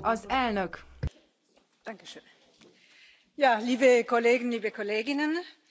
Az elnök. Dankeschön. Ja, liebe Kollegen, liebe Kolleginnen.